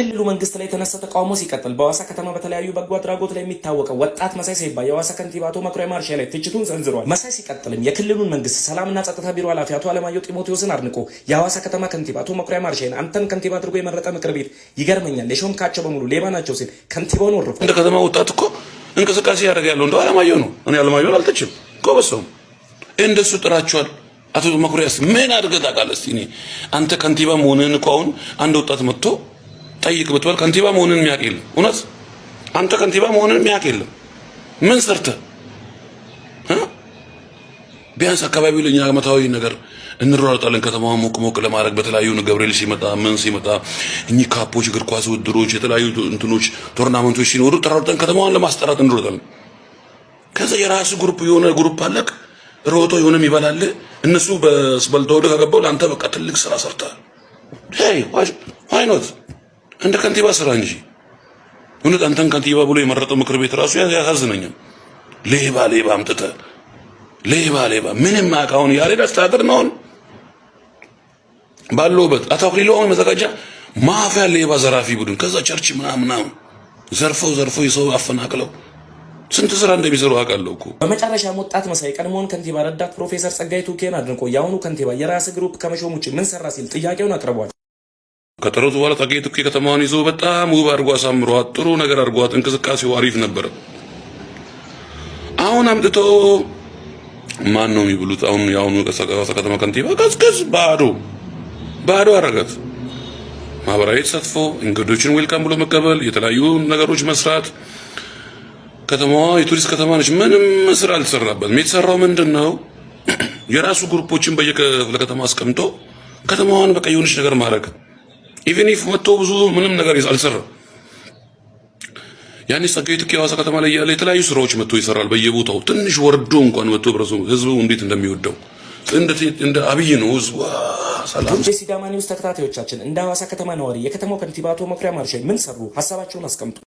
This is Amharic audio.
በክልሉ መንግስት ላይ የተነሳ ተቃውሞ ሲቀጥል በሐዋሳ ከተማ በተለያዩ በጎ አድራጎት ላይ የሚታወቀው ወጣት መሳይ ሰይባ የሐዋሳ ከንቲባ አቶ መኩሪያ ማርሻ ላይ ትችቱን ሰንዝሯል። መሳይ ሲቀጥልም የክልሉን መንግስት ሰላምና ጸጥታ ቢሮ ኃላፊ አቶ አለማየሁ ጢሞቴዎስን አድንቆ የሐዋሳ ከተማ ከንቲባ አቶ መኩሪያ ማርሻን አንተን ከንቲባ አድርጎ የመረጠ ምክር ቤት ይገርመኛል፣ የሾምካቸው በሙሉ ሌባ ናቸው ሲል ከንቲባውን ወርፎ እንደ ከተማ ወጣት እኮ እንቅስቃሴ ያደረገ ያለው እንደ አለማየሁ ነው። እኔ አለማየሁን አልተችም። ጎበሰውም እንደሱ ጥራቸዋል። አቶ መኩሪያስ ምን አድርገህ ታውቃለህ? እስኪ እኔ አንተ ከንቲባ መሆንህን እኮ አሁን አንድ ወጣት መጥቶ ጠይቅ ብትበል ከንቲባ መሆንን የሚያውቅ የለም። እውነት አንተ ከንቲባ መሆንን የሚያውቅ የለም። ምን ሰርተህ ቢያንስ አካባቢው ለኛ ዓመታዊ ነገር እንሯሯጣለን ከተማዋ ሞቅ ሞቅ ለማድረግ በተለያዩ ገብርኤል ሲመጣ ምን ሲመጣ እኚህ ካፖች፣ እግር ኳስ ውድድሮች፣ የተለያዩ እንትኖች ቶርናመንቶች ሲኖሩ ተሯርጠን ከተማዋን ለማስጠራት እንሮጣለን። ከዛ የራስ ግሩፕ የሆነ ግሩፕ አለቅ ሮቶ የሆነ ይበላል። እነሱ በስበልተው ከገባው ለአንተ በቃ ትልቅ ስራ ሰርተሃል። ዋይ ኖት እንደ ከንቲባ ስራ እንጂ እውነት አንተን ከንቲባ ብሎ የመረጠው ምክር ቤት ራሱ ያሳዝነኛል። ሌባ ሌባ አምጥተ ሌባ ሌባ ምንም አቃውን ያሬድ አስተዳደር ነው አሁን ባለውበት አታክሊሎ አሁን መዘጋጃ ማፊያ ሌባ ዘራፊ ቡድን ከዛ ቸርች ምናምን ዘርፈው ዘርፈው የሰው አፈናቅለው ስንት ስራ እንደሚሰሩ አውቃለሁ እኮ። በመጨረሻም ወጣት መሳይ ቀድሞውን ከንቲባ ረዳት ፕሮፌሰር ጸጋይ ቱኬን አድንቆ የአሁኑ ከንቲባ የራስ ግሩፕ ከመሾም ውጭ ምን ሰራ ሲል ጥያቄውን አቅርቧል። ከጠሮት በኋላ ጣጌ ቱኬ ከተማዋን ይዞ በጣም ውብ አድርጎ አሳምሯት ጥሩ ነገር አድርጓት፣ እንቅስቃሴው አሪፍ ነበረ። አሁን አምጥቶ ማን ነው የሚብሉት? አሁን የአሁኑ የሐዋሳ ከተማ ከንቲባ ቀዝቀዝ ባዶ ባዶ አረጋት። ማህበራዊ ተሳትፎ፣ እንግዶችን ዌልካም ብሎ መቀበል፣ የተለያዩ ነገሮች መስራት። ከተማዋ የቱሪስት ከተማ ነች። ምንም ስራ አልተሰራበትም። የተሰራው ምንድን ነው? የራሱ ግሩፖችን በየክፍለ ከተማ አስቀምጦ ከተማዋን በቃ የሆነች ነገር ማድረግ ኢቨን ኢፍ መጥቶ ብዙ ምንም ነገር አልሰራም። ያኔ ጸጋዬ ትኬ ሐዋሳ ከተማ ላይ ያለ የተለያዩ ስራዎች መጥቶ ይሰራል በየቦታው ትንሽ ወርዶ እንኳን መጥቶ ብረሱ ህዝቡ እንዴት እንደሚወደው እንደ አብይ ነው ህዝቡ። ሰላም ሲዳማ ኒውስ ተከታታዮቻችን፣ እንደ ሐዋሳ ከተማ ነዋሪ የከተማው ከንቲባ አቶ መኩሪያ ማርሻ ምን ሰሩ? ሀሳባቸውን አስቀምጡ።